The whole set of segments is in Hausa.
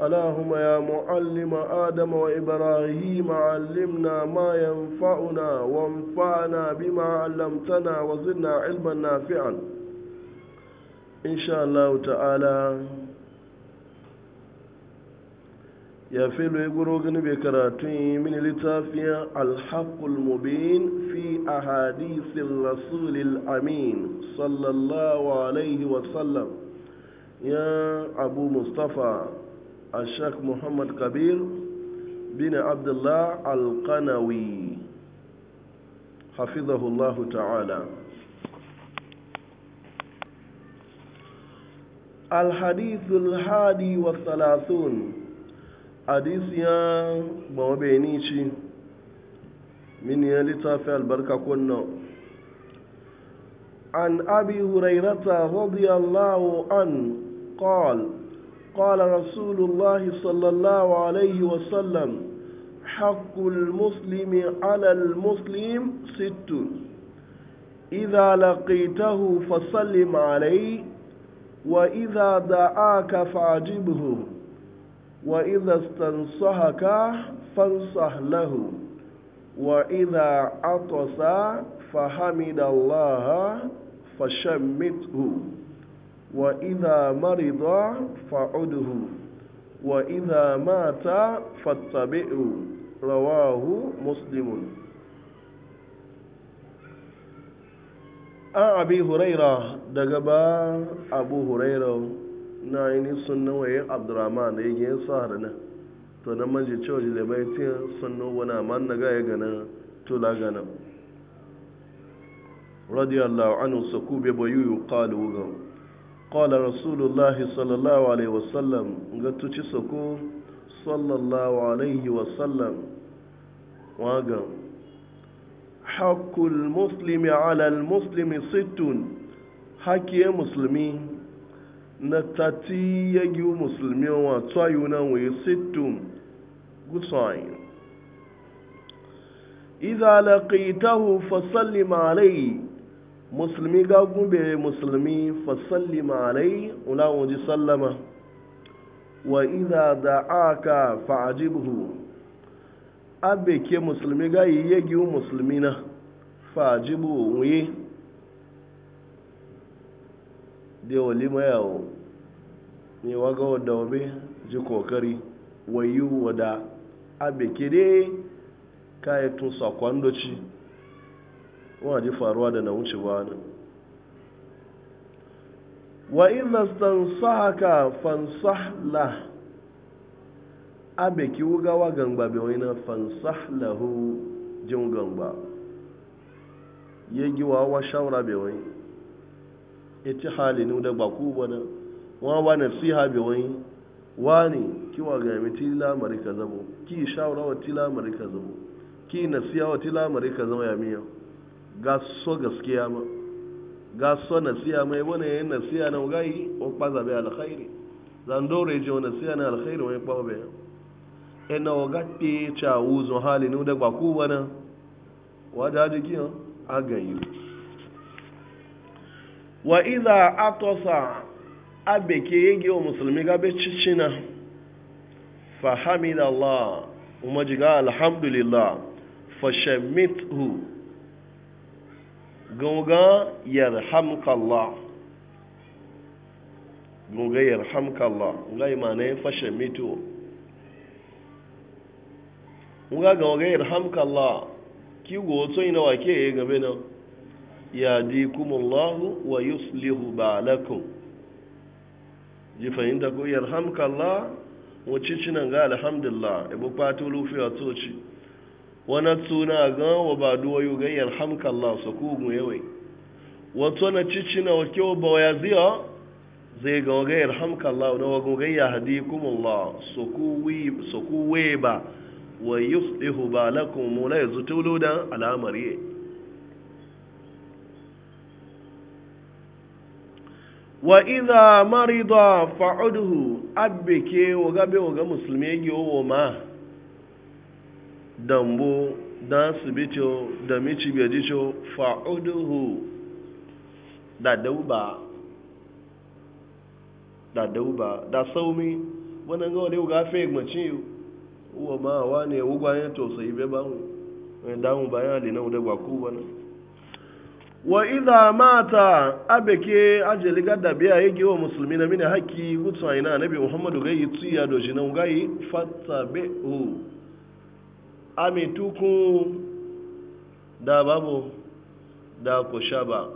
اللهم يا معلم آدم وإبراهيم علمنا ما ينفعنا وانفعنا بما علمتنا وزدنا علما نافعا إن شاء الله تعالى ya filo ya guro gani bai karatu mini littafin alhaƙul mubin fi a hadisin rasulil amin sallallahu alaihi wasallam ya abu mustapha الشيخ محمد كبير بن عبد الله القنوي حفظه الله تعالى الحديث الحادي والثلاثون حديث يا بوبينيشي من يلتا في البركة كنا عن أبي هريرة رضي الله عنه قال قال رسول الله صلى الله عليه وسلم حق المسلم على المسلم ست إذا لقيته فسلم عليه وإذا دعاك فعجبه وإذا استنصحك فانصح له وإذا عطس فحمد الله فشمته wa idha marida fa'udhu wa idha mata fattabi'u rawahu muslimun an abi huraira daga ba abu huraira na yini sunna waye abdurrahman da yake sahara na to na manje cewa da bai tin sunna wana man na gaya gana to la gana radiyallahu anhu saku be bayu qalu قال رسول الله صلى الله عليه وسلم غتوشي سكو صلى الله عليه وسلم واغم حق المسلم على المسلم ست حكي مسلمي نتاتي يجي مسلمي وطايونا ويست قصاين إذا لقيته فسلم عليه musulmi ga gube musulmi fasalli ma'alai ulawun ji sallama wa iza da aka fa'ajibuhu abe ke musulmi ga yi yegi musulmi na fa'ajibu wuye da wali mayawo ne waga wadda wabe ji kokari wayi wada abe ke dai kayan tun sakon doci wani faruwa da na wuce ba nan wa ina stansahaka fansahla abe ki wugawa gangba bai wani fansahlahu jin gangba ya giwa wa shawara bai wani e ita halin da ba ku ba nan wa wa ha bai wani wani kiwa ga gami tila marika zamo ki shawara wa tila marika zamo ki nasiha wa tila marika zamo ya miya ga so gaskiya ma ga so nasiya mai wani yayin nasiya na ugayi o kpaza bai alkhairi zan dore je nasiya na alkhairi wani kpa bai ina e o gaɗe ca wuzon hali ni da gbaku wani wada jiki a gayu. wa iza atosa abe ke yege wa musulmi gabe cicina fahamidallah umajiga alhamdulillah fashamithu gunga yarhamkallah gunga yarhamkallah ga imanai fashe mito gunga gunga yarhamkallah ki goto ina wake ya gabe na ya dikumullahu wa yuslihu ba'alakum ji fahimta ko yarhamkallah wacce cinan ga alhamdulillah ibu fatu fi a toci wani tuna ga wa ba duwa yi ga yarhamka Allah su ku mu yawai wato na cici na wake ba ya ziya zai ga ga yarhamka Allah na wago ga ya hadikum Allah su ku wi su ku we ba wa yuslihu balakum la yaztulu da al'amari wa iza marida fa'uduhu abbeke wa gabe wa ga musulmi yake ma dambo da sibito da mici bedicho fa'uduhu da dauba da dauba da saumi wannan ga wani ga fe gmaci uwa ma wa ne ugwa ne to sai be ba mu da mu bayan ali na da gwa ku bana wa idha mata abeke ajeli gada biya yake wa musulmi na mini haki gutsu aina nabi muhammadu gayi tsiya do jinan gayi fattabi'u ami tukun da babu da ku shaba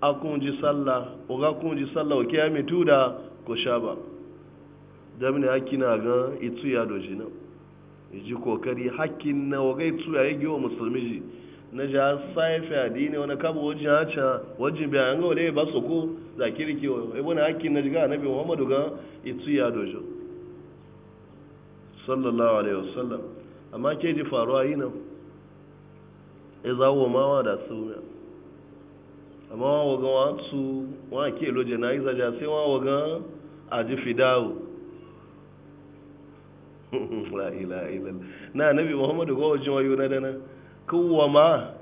a kunji sallah uga kunji sallah oke ya mitu da ku shaba da haki na gan itu ya doji na iji kokari haki na waga itu ya yi wa musulmi ji na ja saifi adini wani kabo wajen haca wajen bayan ga wale ba su ku za kirki wa ibu na haki na jiga na bi muhammadu ga itu ya dojo sallallahu alaihi wasallam amma ke ji faruwa yi nan ya zawo mawa da sauna amma wa waga wasu wa ke loje na iza ja sai wa waga a ji fidawo la na nabi muhammadu ga wajen wayo na dana kowa ma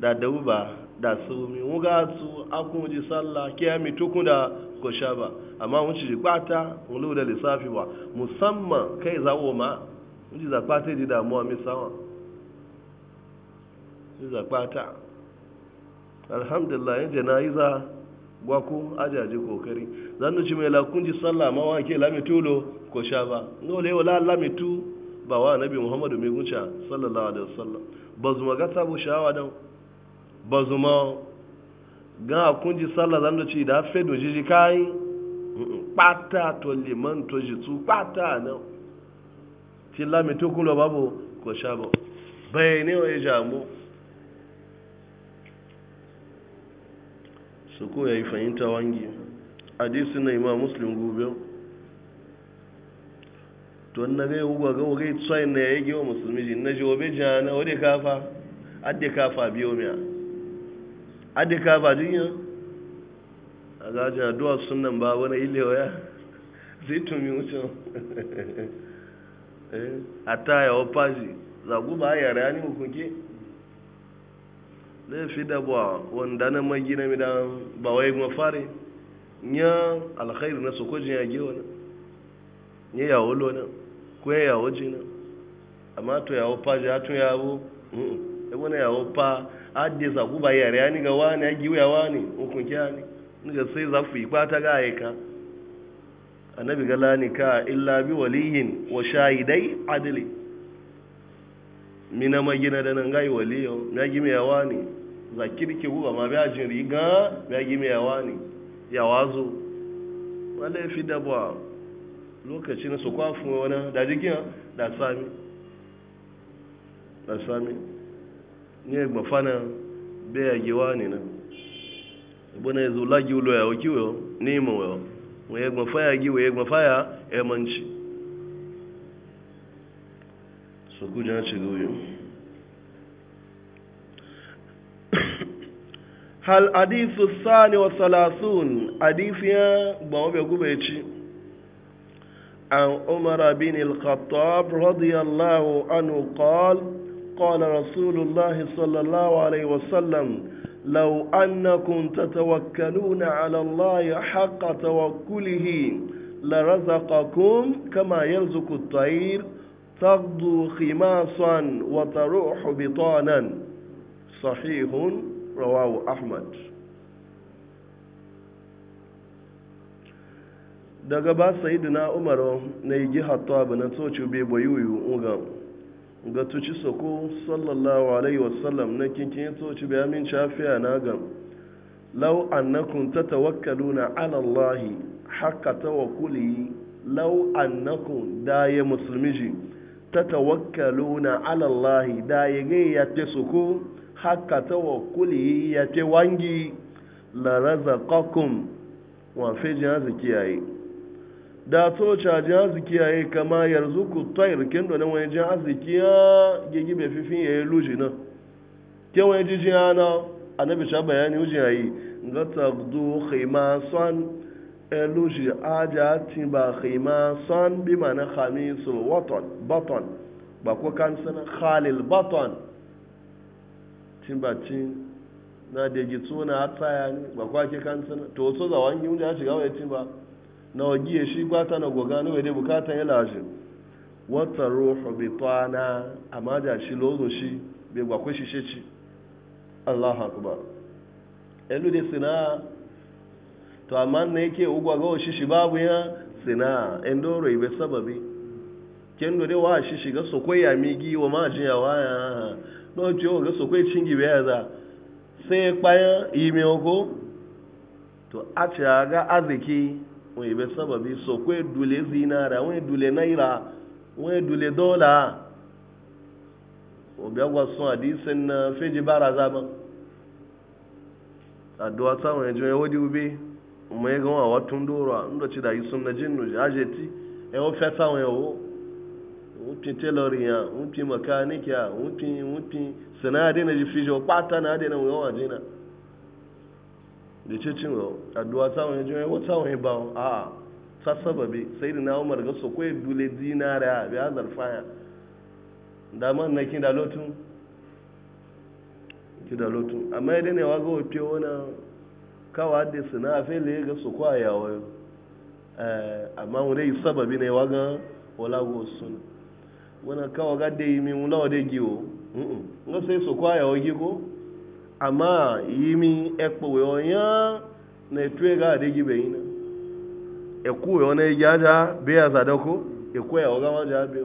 da dauba da saumi wuga su akun ji sallah kiyami tukun da ko sha ba amma mun ci kwata mun lu da lissafi ba musamman kai zawo ma mun ci zakwata ji damuwa mai sawa ci zakwata alhamdulillah yin jana'iza gwa ko ajaji kokari zan ci mai ji sallah ma wa ke lami tulo ko sha ba le wala lami tu ba wa nabi muhammadu mai gunca sallallahu alaihi wasallam bazuma ga sabo shawa dan bazuma gan akun ji sallah zan da ci da fe do jiji kai pata to liman to jitu pata na ti la mi to kun lo babo ko shabo bayne o jamu su ko yayi fahimta wangi hadisi na imam muslim gobe to na ga yugo ga wage tsayin na yayi wa musulmi na jobe jana wade kafa adde kafa biyo miya adika ba duniya a gajin addu'a sunan ba wani ilewa ya zai tumi wucin eh, a ta yawa fashi zagu ba ya rani hukunke laifi da ba wanda na magina mi da ba wai mafari ya alkhairu na sokojin ya gewa na ya yawo lona ko ya yawo jina amma to yawo fashi ya tun yawo ya na yawo fa adde za ku ba yare ani ga wani ya giwa wani hukun kya ni ga sai za ku yi kwata ga aika annabi ga lani ka illa bi walihin wa shahidai adli mina magina da nan gai waliyo ya gimi ya ne za kirki ku ma biya jin riga ya gimi ya ne ya wazo wala fi dabwa lokacin su kwafu wani da jikin da sami da sami nye gbafana be ya giwa ne na bana yanzu lagi ulo ya waki wayo ne o wayo waye gbafaya gi waye gbafaya ya manci su ku jan ci goyo hal hadithu sani wa salasun hadithu ya gbawo bai gube ci عن عمر بن الخطاب رضي الله عنه قال قال رسول الله صلى الله عليه وسلم لو أنكم تتوكلون على الله حق توكله لرزقكم كما يرزق الطير تغدو خماصا وتروح بطانا صحيح رواه أحمد daga سيدنا sayidina نيجي na yi jihar tabi ga tuci soko sallallahu alaihi wasallam na kinkin toci bai amin shafiya na gam lau annakum tatawakkaluna ala allahi haqqa tawakkuli lau annakum da ya musulmi ji tatawakkaluna ala allahi da ya ga ya te soko haqqa tawakkuli ya te wangi la razaqakum wa fi yayi. da so caji arziki ya yi kama yanzu ku ta irkin da wani jin arziki ya gigi mai fifin ya yi luji na ke wani jiji ya na annabi sha bayani wuji ya yi ga tabdu khima san e luji aja tin ba khima san bi mana khamisu waton baton ba ko kan san khalil baton tin ba tin na da gitsuna a tsaya ba ke kan san to so zawangi wuji ya shiga wani tin ba na wagiye shi gwata na goga na wede bukatan ya laje wata ruhu bi tana amma da shi lozo shi bai gwakwa shi shi ci Allah akbar elu de sina to amma ne yake ugwa ga shi shi babu ya sina endoro ibe sababi kendo de wa shi shi ga sokoi ya migi wa ma jin ya waya no ti o ga sokoi chingi be ya sai ya imi oko to a ga aziki wani bai sababi so kwe dule zinara wani dule naira wani dule dola obi agwa sun hadisin na feji bara zama addu'a ta wani jiya wadi ube mu ya gawa watun dora inda ci da yi sun na jin nuji ajeti ya wofe ta wani yawo wuti tailoring ya wuti mechanic ya wuti wuti sinadina ji fijo pata na adina wani yawa jina da ce cin addu'a samun ya jima'i wata wani ba a ta sababi sai da na umar ga sokoye dule dinara bi azar faya da man na kida lotun kida lotun amma idan ya waga wafe wani kawa da suna fele ga soko a yawon eh, amma wani yi sababi ne waga wala go suna wani kawa ga da yi min wula wa da giwo nga sai soko a yawon gigo amma yimi ekpowe onya na etue ga adịghị be na. ekwu ona eji aja be ya zadoko ekwe ya oga waje abịa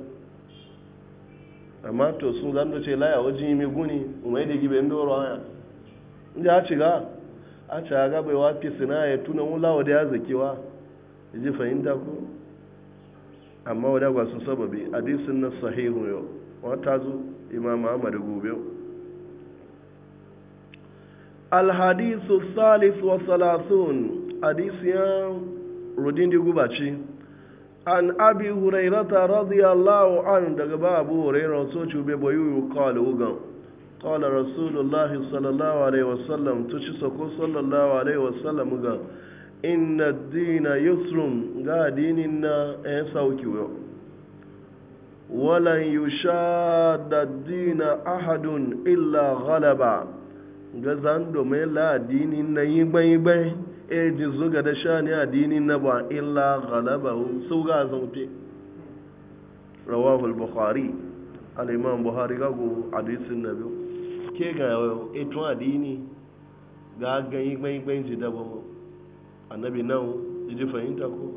amma to sun zan doce laya waje yimi guni umai da gibe ndị ọrụ anya ndị achịga, chiga a chiga ga bai pisi na ya tuna wula wa da ya zakiwa ji fahimta ko amma wadagwa sun sababi hadisin na sahihu yau wata zo imam ahmad gobe alhadisu salis wa salasun hadisiyan rudin digubaci an abi hurairata radiyallahu an daga babu hurairar soci bai bayu kawai ugan Kala rasulullah sallallahu alaihi wasallam ta ci sako sallallahu alaihi wasallam ga Ina dina yusrun ga dinin na ya e sauki yau walan yusha da dina ahadun illa ghalaba ga zan domin la addini na yi bai e ji zuga da sha ne addini na ba illa ghalabahu su ga zaute rawahul bukhari al-imam buhari ga go hadisin nabi ke ga eto addini ga ga yi bai ji da ba annabi nan ji fahimta ko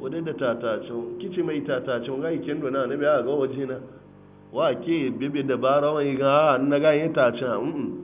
wadai da tatacin kici mai tatacin ga ikin dona annabi ga waje wa ke bebe dabara wani ga an ah, na ga yin tatacin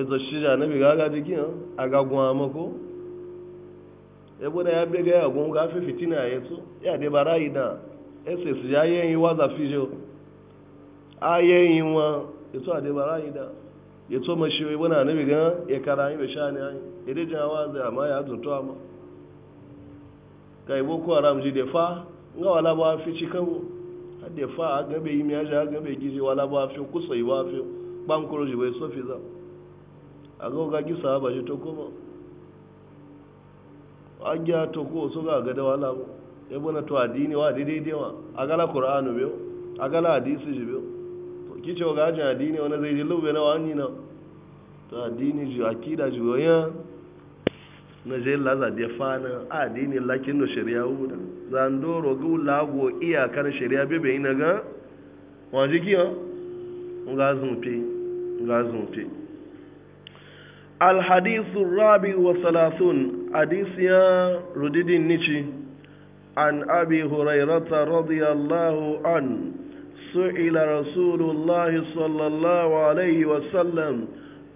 ezo shija na biga aga jiki ha aga gwa amako ebo na ya bega ya gwa ga fi fitina ya yeto ya de bara ida ss ya ye yi wa za fijo a ye yi wa yeto ade bara ida yeto ma shi ebo na na biga ya kara yi be shani ayi ede jin awa za ama ya zuto ama Ka kai boko haram ji de fa nga wala ba fi cikan ade fa aga be yi mi aja aga be gizi wala ba fi kusa yi ba fi bankoro ji bai e sofi za aga ga ga gisa ba ji to ko ba a gya to ko so ga ga da wala ba e bona to adini wa daidai dewa a gala qur'anu biyo a gala hadisi ji biyo to kice ga jin adini wani zai ji lube na wani na to adini ji akida ji goya na je laza de fana adini lakin no shari'a wuda zandoro gu lago iyakar shari'a bebe ina ga wanjiki ha ngazun pe ngazun pe الحديث الرابع والثلاثون حديث يا ردد النشي عن أبي هريرة رضي الله عنه سئل رسول الله صلى الله عليه وسلم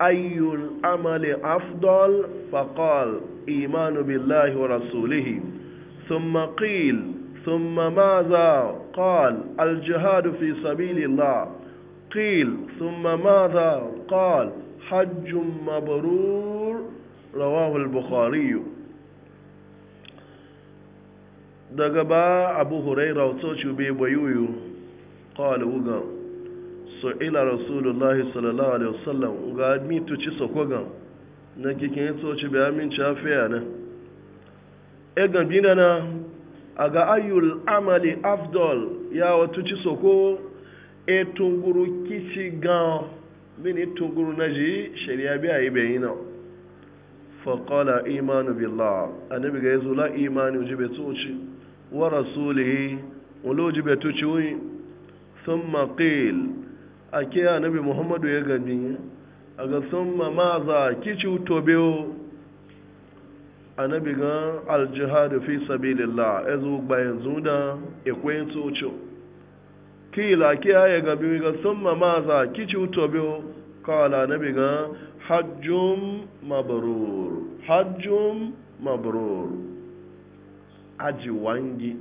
أي العمل أفضل فقال إيمان بالله ورسوله ثم قيل ثم ماذا قال الجهاد في سبيل الله قيل ثم ماذا قال حج مبرور رواه البخاري daga ba abu huraira wato cube bayuyu kawai wugan so ila rasulullahi sallallahu alaihi wasallam ga mituci sokogan na kikin yato cube aminci afiya na egan bina na a ga ayyul amali afdol ya wato ci soko etunguru kici gan mini tunguru na ji shari'a biya yi bayi na faƙala imanu billah annabi ga yazo la imanu ji bai wa rasulihi wani ji bai tuci wuyi sun maƙil a annabi muhammadu ya gani a ga sun ma maza kici uto biyu ga aljihadu fi sabilillah ya zo bayan zuda ikwayin tsocin kila ki haya ga bi ga summa maza kici uto bi kala nabi ga hajjum mabrur hajjum mabrur aji wangi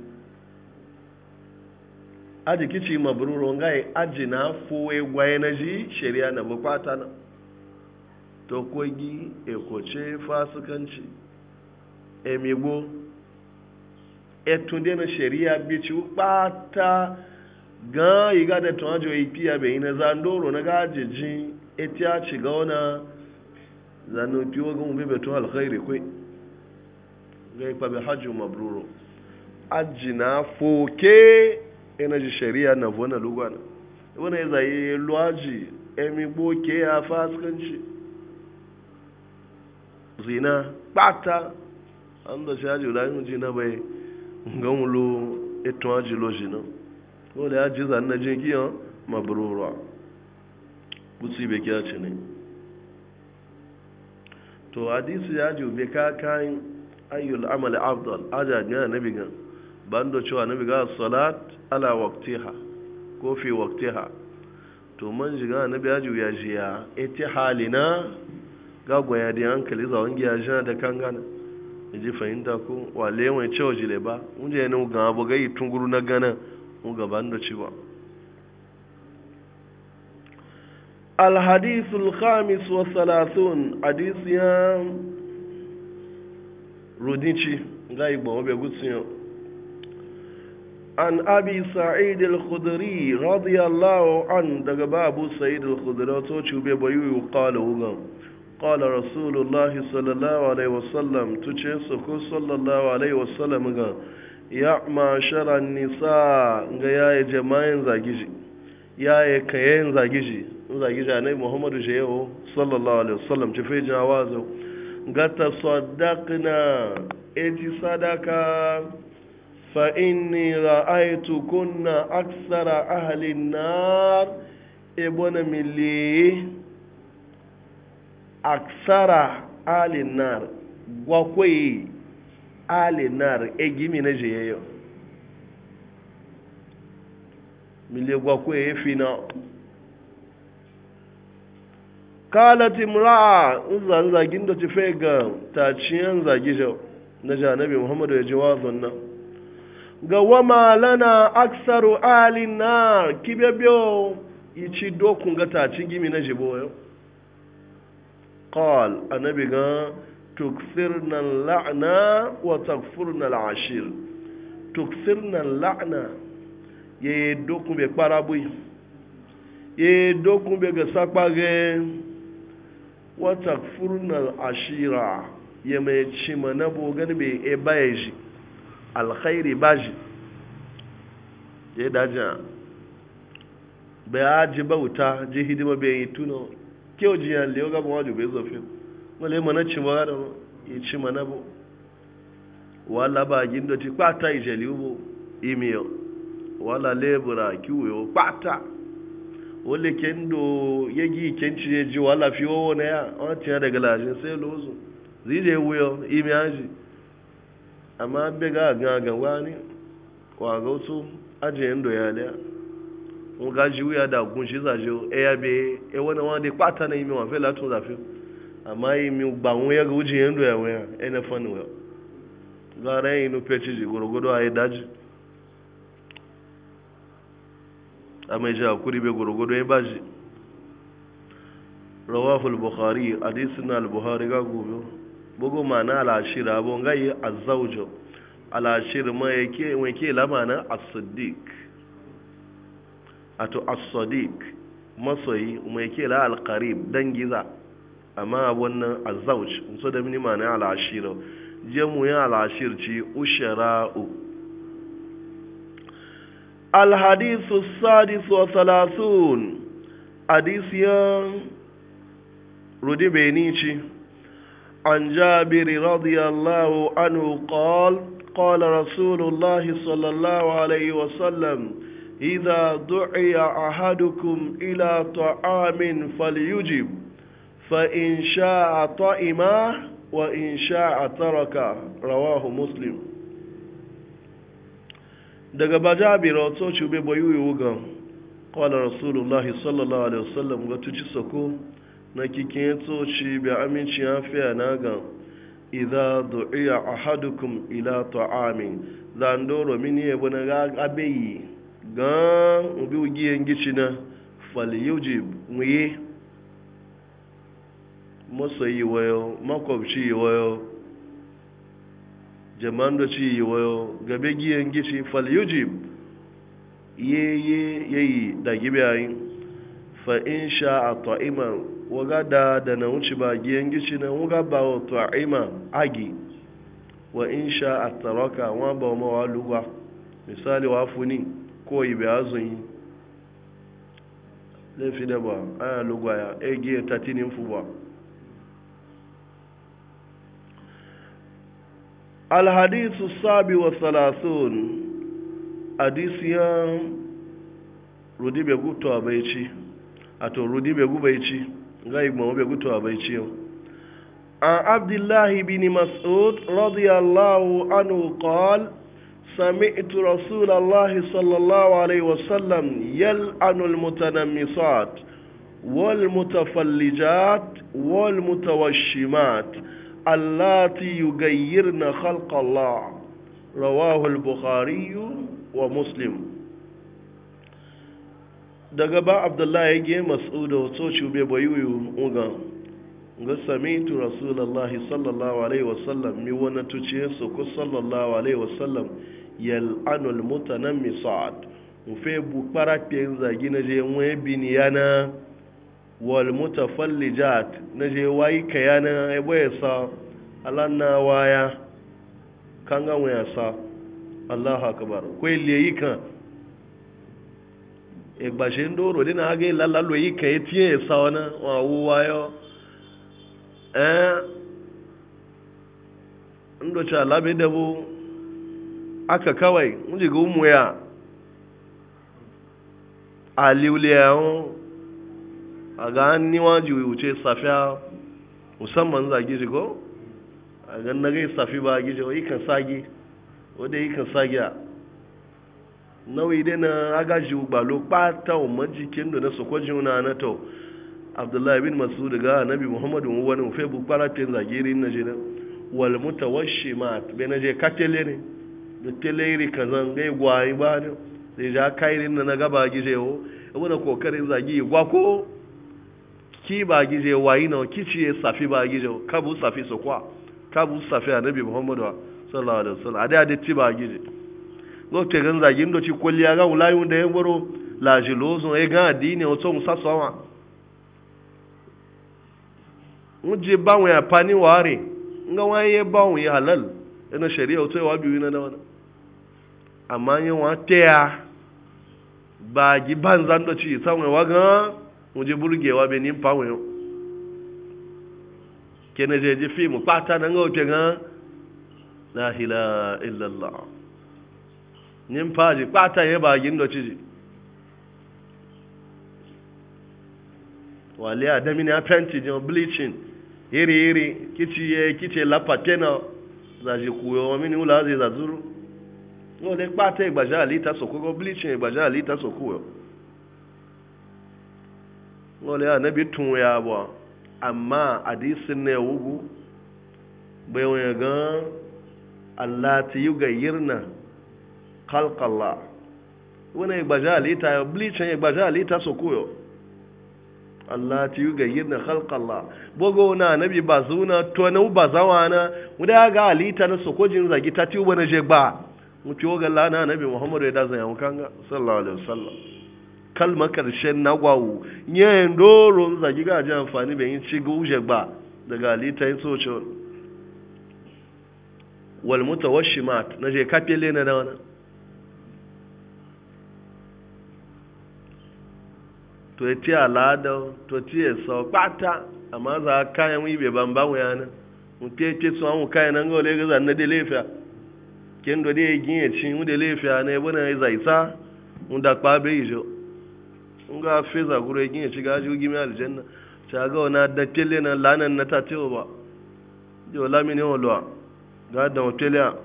aji kici mabrur ngai aji na afo gwaye na ji shari'a na bukata na to kogi ekoce fasikanci emigbo etunde na shari'a bici bata ga iga da tun ajo ipi ya bai na ndoro na gajejin eti a ci ga wana zanu piwo ga mu bebe tun alkhairi kwe ga ipa bi hajju mabruro aji na foke ina ji shari'a na vona lugana wani ya zaye luwaji emi boke ya fasikanci zina kpata an da shi aji wula yin jina bai ga mu e lo etun lo jina so da ya ji zanna jingiyan mabrura gutsi bai kya ci ne to hadisi ya ji bai ka kayan ayyul amal afdal aja ga nabi ga bando cewa nabi ga salat ala waqtiha ko fi waqtiha to man ji ga nabi ya ji ya ji ya ita halina ga gwaya da hankali zawon giya jana da kangana ji fahimta ko wale wani cewa jile ba wunje ne ga abu ga yi tunguru na gana gaban da ci ba alhadisul khamis wa salasun rudici an abi sa'id al-khudri radiyallahu an daga babu sa'id al-khudri wato ci ube bayu yi kala wugan kala sallallahu alaihi wasallam tuce su ko sallallahu alaihi wasallam ga ya mashara nisa ga yaya jama'in zagiji yaya kayan zagiji zagiji a nai muhammadu shehu sallallahu alaihi wasallam ci fi jawa wazo ga ta e eji sadaka fa inni ra'aitu kunna aksara ahalin nar ebona mili aksara ahalin nar gwakwai alinar egimi na jeyeyo milegwa kwe efina kalat imra'a zan zagin da ci fega ta ciyan zagi jau na janabi muhammadu ya ji wazon nan ga wama lana aksaru alina kibebyo ichi dokun ga ta ci gimi na jibo yau a annabi ga tukfirna la'na wa takfurna la'ashir tukfirna la'na ye dokun be parabu ye dokun be gasa sapage wa takfurna al'ashira ye mai cima na bogan be e baye shi alkhairi baji ye daja be aji bauta ji hidima be yi tuno kyau jiyan lewa gaban wajo be zofin wale mana ci ba da ya ci mana bu wala ba gindo ti kwata ijeli bu imiyo wala lebura kiwo kwata wale kendo yegi kenci ya ji wala fi wowo na ya on tiya daga lajin sai lozo zije wuyo imiyaji amma be ga ga ga wani wa ga wasu ajiyen ya liya wọn ga ji wuya da gunshi zaje o eya be e wani wani kwata na imi wa fe latun zafi amma yi mi ba mu ya ga wuce yando ya waya ina fani wa gara yi no peci ji gurgudu a yi daji a mai ji hakuri bai gurgudu ya ba ji. al-bukhari hadisin al-bukhari ga gobe bugu mana al-ashir abun ga yi azawjo al-ashir ma yake mai ke lamanin as-siddiq ato as-sadiq masoyi mai ke la al-qarib dangiza amma wannan azauj so da mini ma'ana al'ashira jamu ya al'ashir ci ushara'u alhadisu sadis wa salasun hadisiyan rudi benici an jabiri radiyallahu anhu qal قال رسول الله صلى الله عليه وسلم إذا دعي ila إلى طعام فإن شاء طئم وإن شاء ترك رواه مسلم daga bajabi rawato cube bayu yuga qala rasulullah sallallahu alaihi wasallam ga tuci sako na kike toci be aminci ya fiya na ga idza du'iya ahadukum ila ta'amin zandoro min ye bona ga abeyi ga ubi ugiye ngicina falyujib muye masoyi wayo makwabci yi wayo jaman da ci yi gabe giyan gici fal yujib ye ye yi da gibiyayin fa in sha'a ta'iman waga da da na wuce ba giyan gici na waga ba wa ta'ima agi wa in sha'a taraka wa ba ma wa luwa misali wa funi ko ibe ba azun yi lafi da ba aya lugwa ya egiye alhadisu sabi wa salasun hadisiyan rudi bai gutu a bai ci a to rudi bai gu bai ci ga igbamu bai gutu a bai ci yau an abdullahi bin mas'ud radiyallahu anhu qal سمعت رسول الله صلى الله عليه وسلم يلعن المتنمصات والمتفلجات والمتوشمات allati yugayyirna khalqa Allah rawahu al-bukhari wa muslim daga ba abdullahi ya ge masuda wato shube bayuyu uga ga samitu rasulullahi sallallahu alaihi wasallam mi wani tuce su ku sallallahu alaihi wasallam yal'anul mutanammi sa'ad mu fe bu para pe zagi na je mu ebi ni yana wal mutafallijat na je wayi kayana ebo ya sa alanna waya kan ga ya sa Allahu akbar ko ile yi kan e gbaje ndoro din ha ga lalla ya yi kan etie sa ona wa wo wayo eh ndo cha labe debo aka kawai mun umu ya? umuya aliuliya a ga an niwa wuce safiya musamman za gije ko a gan na gai safi ba gije wa ikan sage wadda kan sage a nauyi dai na agaji gbalo kpata wa majikin da na sokoji na na to abdullahi bin masu daga nabi muhammadu wani ufe bukpara ten zagiri na je na wal mutawashi ma bai na je katele ne da ka kazan gai gwayi ba ne zai ja kairin na na gaba gizewo abu da kokarin zagi gwa ko ki ba gije wayi ki ciye safi ba gije kabu safi su kwa kabu safi nabi muhammadu sallallahu alaihi wasallam ada da ti ba gije go te gan za gindo ci kolliya ga ulai unda ya goro la jilozo e ga dini o so musa so wa muje ba wa pani wari. nga wa ye ba wa halal ina shari'a o to wa bi wina da wana amma yin wa teya ba gi banzan do ci sanwa wa ga muje burgewa be nin pawo yo kene je je film pata na ngote ga la ilaha illa allah nin paji pata ye ba yin do ciji wale adami ne apprenti je bleaching iri iri kici ye kici la patena za je kuyo mini ula ze za zuru ngole pata igbaja e alita sokogo bleaching igbaja e alita sokogo wale ya nabi tun ya ba amma hadisin ne wugu bai wani gan Allah ta yi gayyirna kalkalla wani gbaja alita ya blicin ya gbaja alita su koyo Allah ta yi gayyirna kalkalla bugu na nabi ba zuna tonu ba zawa na wadda ga alita na sokojin zagi ta tiwo na je ba mutu yoga lana anabi muhammadu ya da zanyan kanga sallallahu alaihi wasallam kalmar karshen na gwawo yin doron zagi gaji amfani bayan ci guje ba daga halittayin social walmuta mat? na je kafin lena na wani to yi tiya lada to tiya sau kwata amma za a kayan bai ban ba mu yana mutu ya ce su an kayan nan ga wale ga zanne da lafiya kin do dai ginye cin mu da na ne bana ya zaisa mun da yi zo. ga feza gure gin ya shiga ji gimi aljanna ta ga wani da na lanar na ta tewa ba wa lamini yawon luwa ga da a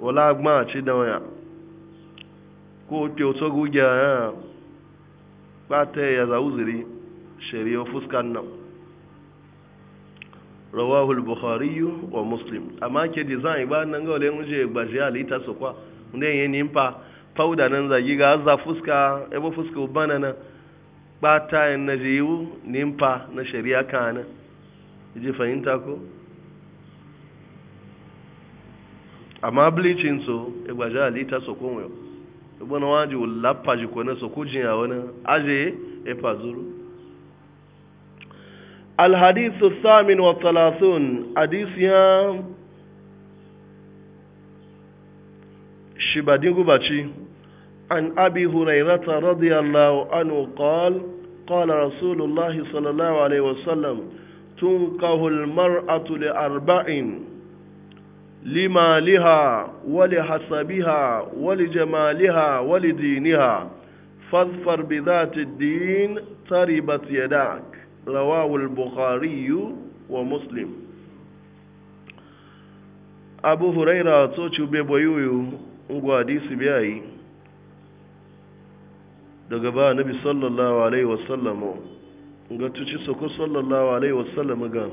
wala a ci da waya ko te so guja ya ba ta ya za uzuri shari'a fuskan nan rawahul bukhari wa muslim amma ke design ba nan ga wale mun je gbaje alita sokwa mun yin nimpa fauda nan zagi ga za fuska ebo fuska ubana na bata yin na jiwu nimfa na shari'a kana ji fahimta ko amma bleaching so egbaje alita so kun wayo ebo na waji lappa ji ko so ko jiya wani aje wa fazuru الحديث الثامن والثلاثون حديث يا شبادين غباشي عن أبي هريرة رضي الله عنه قال قال رسول الله صلى الله عليه وسلم تنقه المرأة لأربع لمالها ولحسبها ولجمالها ولدينها فاظفر بذات الدين تربت يداك رواه البخاري ومسلم أبو هريرة توتشو بيبويو نقوى ديسي بيأي daga ba nabi sallallahu alaihi wasallam ga tuci ko sallallahu alaihi wasallam ga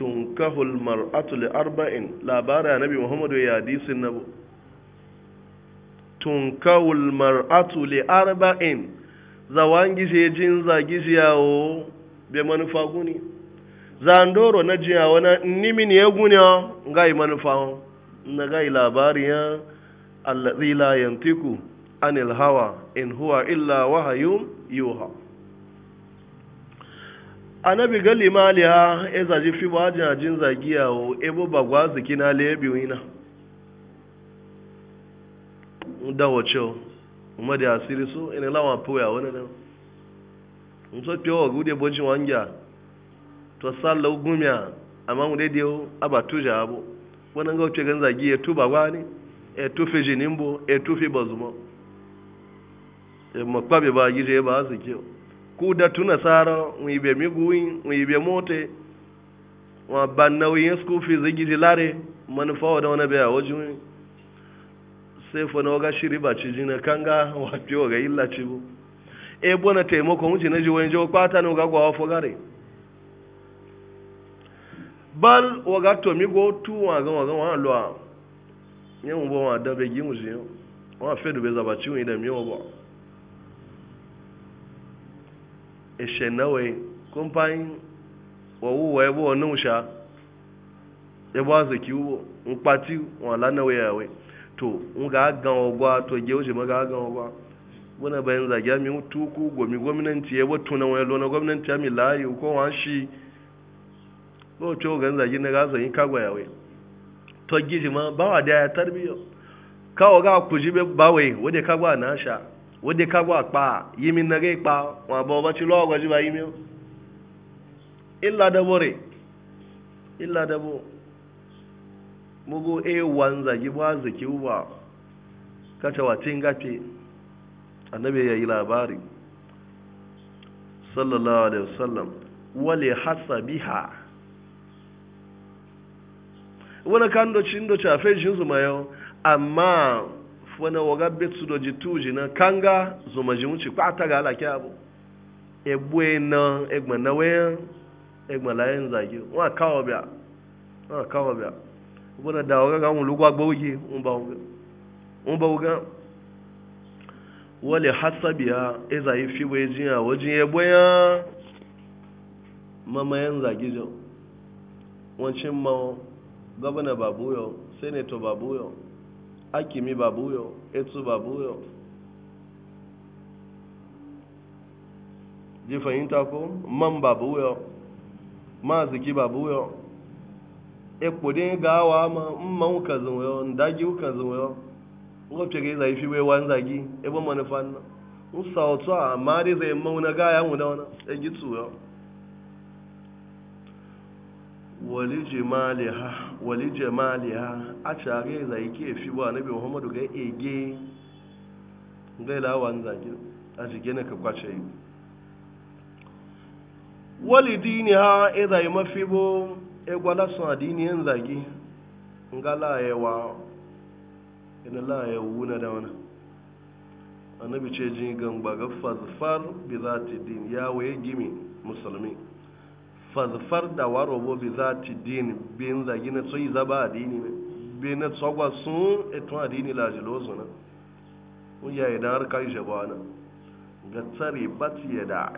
tunkahul mar'atu li arba'in labara nabi muhammadu ya hadisin na tunkahul mar'atu li arba'in zawan gije jin zagi ziyawo be manufa guni zandoro na jiya wana nimin ya guni ga yi manufa na ga yi labari ya allazi la yantiku anil hawa in huwa illa wahayun yuha anabi gali maliya e zaji fi ba jina jin zagiya o ebo bagwa zikina lebi wina da wacho kuma da asiri so ina lawa poya wani nan nso pe o gude boji wanja to sallo gumya amma mu dai dio abatuja abo wannan ga uce gan zagiya tuba wani e tufe jinimbo e tufe bazuma Eh, makpabe ba yire ba su ke ku da tuna sara mu ibe miguyi mu ibe mote wa ban nauyin school fi da gije lare manufa wa da wani bai a wajen sai fa na waga shiri ba ci jina kanga wa fi waga illa ci bu e eh, bona taimako mu ci na ji wani jawo kwata na ga gwawa gare bal waga to mi go tu wa ga wa ga wa lo ne mu bo wa da be gi mu ji wa fe du be za ba ci mu da mi wa ba ishe nawe kun fayin wawu wa yabo wa nusha ya a zaki wo n kpati wọn la nawe yawe to nga ga gan ogwa to ge wuce ma ga gan ogwa wani bayan zagi mi tuku gomi gwamnati yabo tuna wani lona gwamnati ya mi layi ko wa shi ko ce gan zagi na ga zagi kagwa ya yawe to ge ma ba wa da ya tarbiyo kawo ga kujibe bawai wadda kagwa na sha de kagbɔ akpa yimi nage kpa wọn abɔ ọba tsi lɔwɔ gbɔdzi ba yimi o illa dabo re illa dabo mugu e bo aze ki uba kata watin gafe be ya yi labari sallallahu alaihi wasallam wale hasabiha wani kan doci doci a fejin zuma yau amma fana waga betsu do tuji na kanga zuma ji wuce kwata ga ala kyabo ebue na egma na wayan egma la yan zage wa kawo biya wa kawo biya buna da waga ga mu lugwa gbogi un ba wuga un ba wale hasabiya e zai fi bai jiya wajin ebue ya mama yan zage jo wancin ma gwamna babu yau senator babu yau akimi babuyo etsu babuyo ji fahimta ko man babuyo maziki babuyo ekpodin gawa ma mman ka zuwayo ndagi ka zuwayo wacce ga zai fi bai wani zagi ebe manufan na musa otu a mari zai mauna gaya mu ona wani e wali ha a care zai ke fi ba muhammadu ga ege gai lawan zage a jige na kakwace yi wali dini ha e zai mafi bo e sun adini yan zage nga layewa ina layewa wuna da wani ce jin gamba ga fazfar bi za ta din ya waye gimi musulmi fazfar da warobo bi za ti dini bin zagi na tsoyi zaba dini ne bi na tsogwa sun eto adini lajilo su na ya idan har kai shaba na ga tsare bati ya da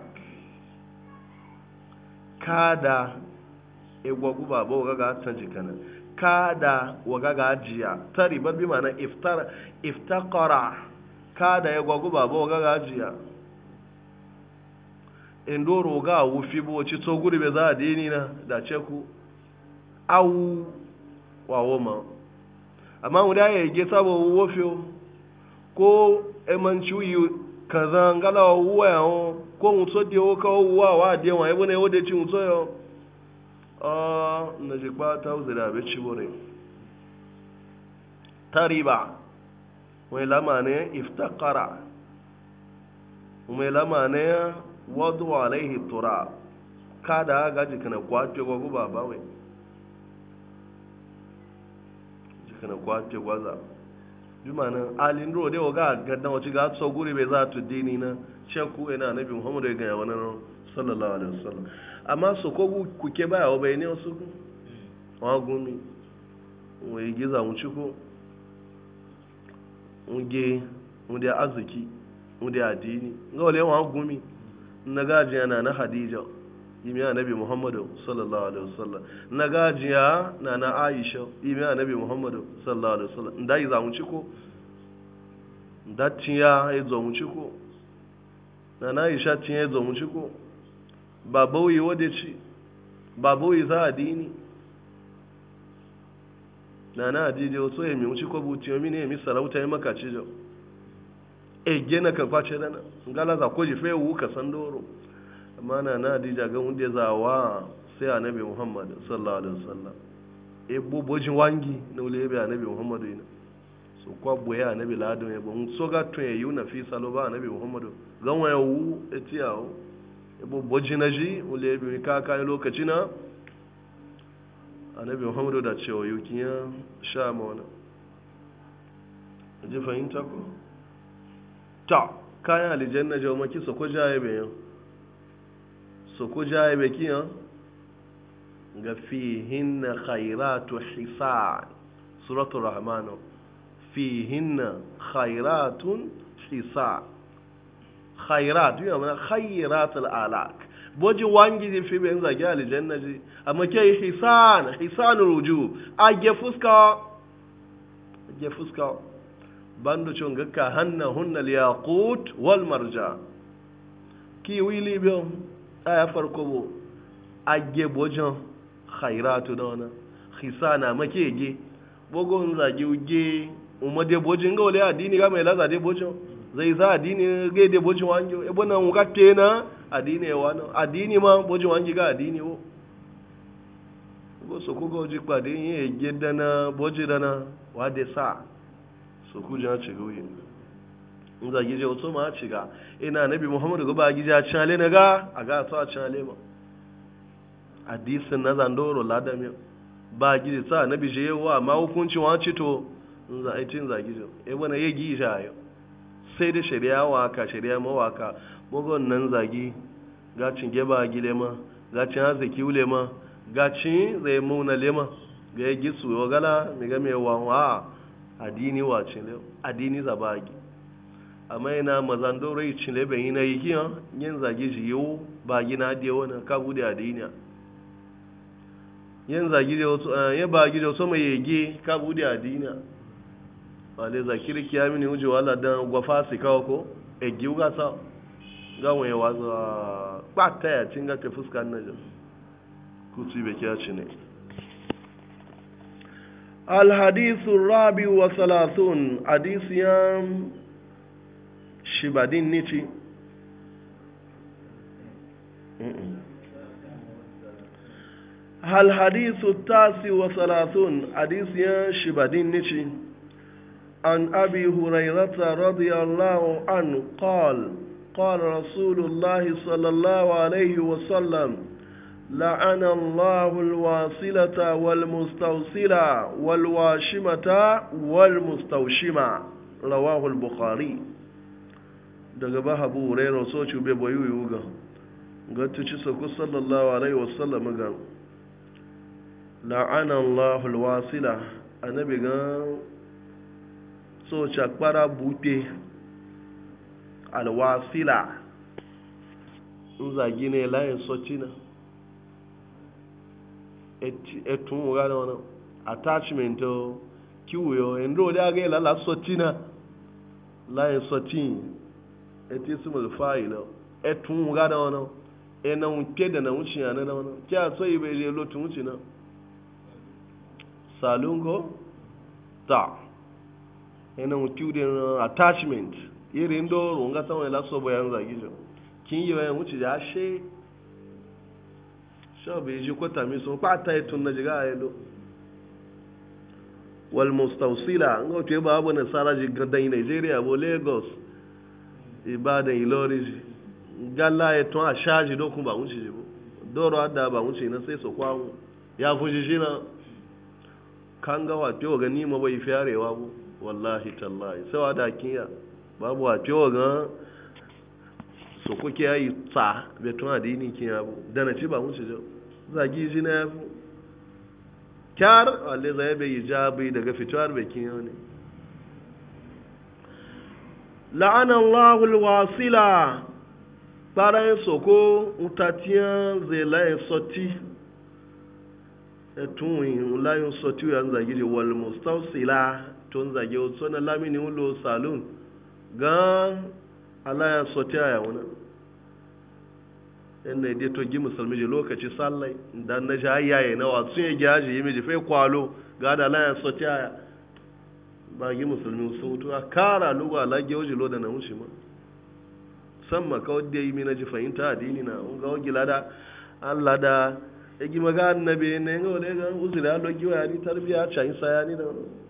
ka da egwagu baba waga ga tan jikana kada waga ga ajiya tsare babbi mana iftar iftaqara kada egwagu baba waga ga jiya indoro ga wufi bo ci to guri be za adini na da ce ku awu wawo ma amma mu da yage sabo wofio ko emanci uyu kaza ngala wuwa ya o ko mu so de o ka wuwa wa de wa ebo ne o de ci mu so yo ah na je pa ta uzira be ci bore tariba wai lamane iftaqara umai lamane wadu alaihi tura kada ga jikana kwace gwa guba bawai jikana kwace gwaza jumanin alin rode wa ga gadda wace ga so guri bai za tu dini na shakku ina e nabi muhammadu ya e gaya wani sallallahu alaihi wasallam amma so ko kuke baya wa bai ne wasu hmm. wa gumi wai giza mu ciko unge unde azuki unde adini ga wale wa gumi na gajiya na na hadija imi annabi muhammadu sallallahu alaihi wasallam na gajiya na na aisha imi annabi muhammadu sallallahu alaihi wasallam da yi zamu ciko da tiya ya zo mu ciko na na aisha tiya ya zo mu ciko babau yi wade ci babau yi za adini na na adidi wato ya mi ko bu buti mi ne mi sarauta ya makaci jau ege eh, na kan kwace dana gala za ko jife wu ka san doro amma na na dija ga wunde zawa sai annabi muhammad sallallahu alaihi wasallam e bo jin wangi na wule be annabi muhammad ina so kwa ya annabi ladon e bon so ga to e yuna fi ba annabi muhammad gan waya wu o e bobo e, jin aji wule be ka ka lokaci na annabi muhammad da cewa yukiya sha mawana ji fahimta ko ta kayan alijanna jawon maki soko jaye bayan soko jaye baki yan ga fihinna khairatu hisan suratul rahmanu fihinna khairatun hisan khairat yi amana khairat al'alak boji wangi ji fi bayan zage na ji amma ke hisan hisanul wujub a ge fuska ge fuska bandu cin gaka hanna hunnal yaqut wal marja ki wili biyo aya farko bo agge bojan khairatu da wana khisana makege bogon zage uge umade bojin ga wale adini ga mai laza de bojan zai za adini ga de bojin wanjo e bona mu na adini e wano adini ma bojin wanji ga adini wo go so ko go ji pade yin e gedana bojidana wa de sa su kuje ya ci in za gije wato ma muhammadu gije a na ga a ga to a cale hadisin na zandoro ladami ba gije sa nabi je yawa ma hukunci wa ci to in za a tin za gije e bana ya gije ayo sai da shari'a waka shari'a mawaka mugon nan zagi gacin geba gile ma gacin adini wa cile adini zabagi amma yana mazan dorai cile bai na yi kiyan yin zage ji yiwu ba gina da yawa ka kagu adini yin zage da wasu ya ba gida wasu mai eh, yage ka da adini wale zakiri kiya mini wuce wala dan gwafa su kawo ko egi wuga sa gawon yawa za ɓata ya cin ga ta fuska na jin kutu ibe kiya ci ne الحديث الرابع وثلاثون حديث يام شبادين نيتي الحديث التاسع وثلاثون حديث يام شبادين نيتي عن أبي هريرة رضي الله عنه قال قال رسول الله صلى الله عليه وسلم لعن الله الواصلة والمستوصلة والواشمة والمستوشمة رواه البخاري daga ba habu hurairu so ci be boyu yuga ga tuci sako sallallahu alaihi wasallam ga La'anan Allahu alwasila annabi ga so ci akpara bude. alwasila in zagi ne layin socina etun wuga da wani attachment kiwuyo yanzu da ga lala sotina layin sotin eti su mulfa'i na etun wuga da wani ena wuce da na wuce ya na wani kya so ibe bai je lotun wuce na salungo taa, ena wuce da attachment irin doro nga saman lasa bayan zagi kin yi bayan wuce da ashe ṣọ́ọ̀bù yìí kó tàmí sun pátá ètò nàìjíríà ayé ló walmustausila ń gọ́tù ẹbà abu na sára jì gandan nàìjíríà bó lagos ìbàdàn ìlọrin jì gálá ètò àṣáàjì lókun bàwọn ṣì jìbò dọ́rọ̀ àdá bàwọn ṣì iná sẹ́sọ̀ ìsọ̀kọ́ àwọn ya fún ṣiṣẹ́ náà kanga wà tí ògán ní ìmọ̀ bọ́ ìfẹ́ àrẹwà bó wallahi tallahi sẹ́wà dà kíyà babu wà tí ògán sọ̀kọ́ kí a yìí tà bẹ̀tún àdínì kíyà bó dànà tí bàwọn ṣì jìbò zagi ji na yafi kyar wale zai bai jabi daga fitowar bakin yau ne la'anan lahul wasila ɓarayin soko mutatiyan zai layin soti ẹtún ìhun láyún sọ tí wọ́n zàgé de saloon gan-an aláyà sọ tí yana ya to gi musulmi je lokaci sallai dan na ja yaye na wa sun ya gyaji yi miji fai kwalo ga da laya ya soti aya ba gi musulmi su mutu a kara lugu ala ge oji lo da na wuce ma san ma ka da yi mina ji fahimta addini na un ga wagi lada an lada ya gi maga annabi ne ga wale ga uzuri a logi wa yari tarbiya a cayin saya ni da wani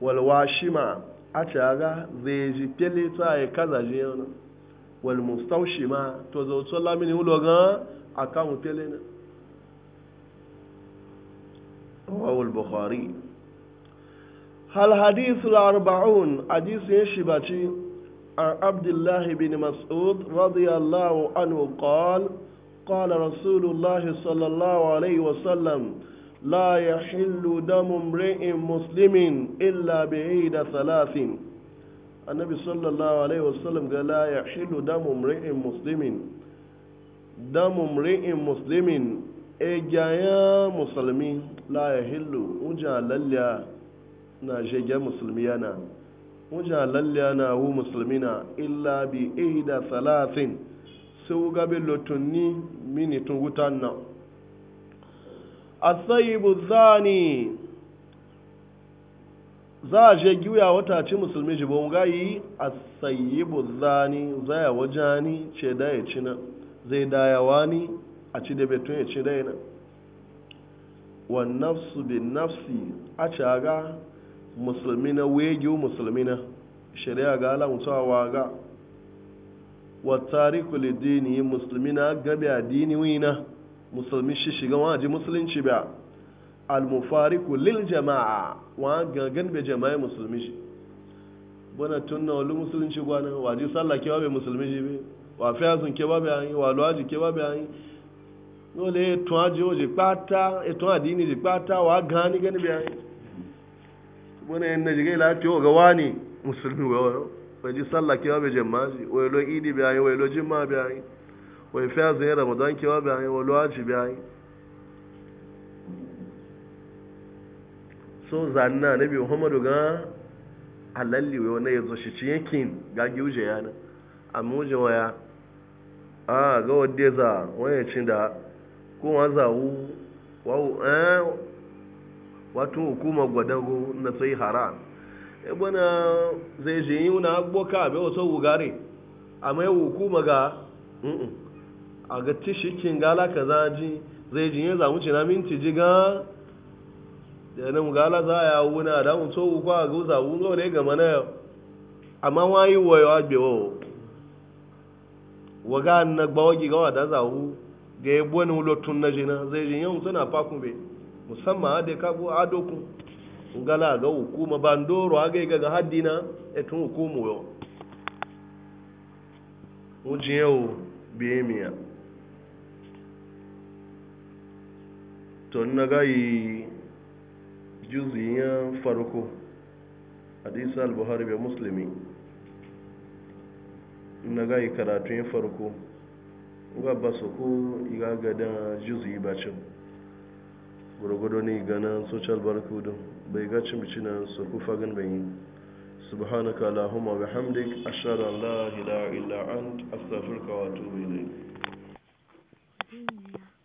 Walwashi ma a ga zai ji pele ta yi kaza je wani walmustaushi ma to zautu lamini hulo ga akan tele na rawahul bukhari hal hadith al-arba'un hadith ya shibaci an abdullah bin mas'ud radiyallahu anhu qala قال رسول الله صلى الله عليه وسلم لا يحل دم امرئ مسلم إلا بعيد ثلاث annabi sallallahu alaihi wasallam ga la ya shilu damu mri'in muslimin damu mri'in muslimin e gyaya musulmi la ya hillu uja lalya na shege musulmi yana uja lalya na hu musulmi na illa bi ihda salatin su gabe lotunni mini tungutan na asayibu zani za a je giya wata ci musulmi ji bon gayi a sayi buzzani zaya ni ce da ya ci na zai wa ni a ci da betun ya ci da ya wa nafsu bi nafsi a aga musulmi na wege musulmi na shari'a ga ala wa ga wa tariku lidini musulmi na gabi dini wina musulmi shi shiga waje musulunci ba almufariku lil jama'a wa gangan be jama'a musulmi shi bana tunna wal musulunci gwana ji sallah ke babe musulmi shi be wa fiyazun ke babe an wa luwaji ke babe an no le to aje oje pata e to adini je pata wa gani gani be an bana en na jige la o ga wani musulmi wa wa ji sallah ke babe jama'a shi wa lo idi be an wa lo jima be an wa fiyazun ramadan ke babe an wa lwaji be an so zanna nabi muhammadu ga halalli wa wani ya shi ci yankin ga giwuje yana amma wuje waya a ga wadda za wani cin da kuma za wu wato hukumar gwadago na sai haram ebona zai je yi wani agboka abe wasu wugare amma yau hukuma ga a ga tishikin galaka ka zaji zai je yi zamuci na minti ji ga da nan gala za a yawo na da mun so kwa ga za mun ga ne gama na amma wai wayo agbe wo waga na gbawogi ga wada za hu ga yebo ne lotun na jina zai jin yau suna fakun be musamman da ka go adokun gala ga hukuma bandoro aga ga ga haddina etun hukumu yo mujin yau biye miya to na gayi juziyan farko hadisi al-buhari bai musulmi na gayi karatun farko ga ba su ko iga gada juzi bacin gwargwado ne gana social barcode bai ga cimici na su ku fagin bayi subhanaka allahumma bihamdik ashhadu an la ilaha illa ant astaghfiruka wa atubu ilayk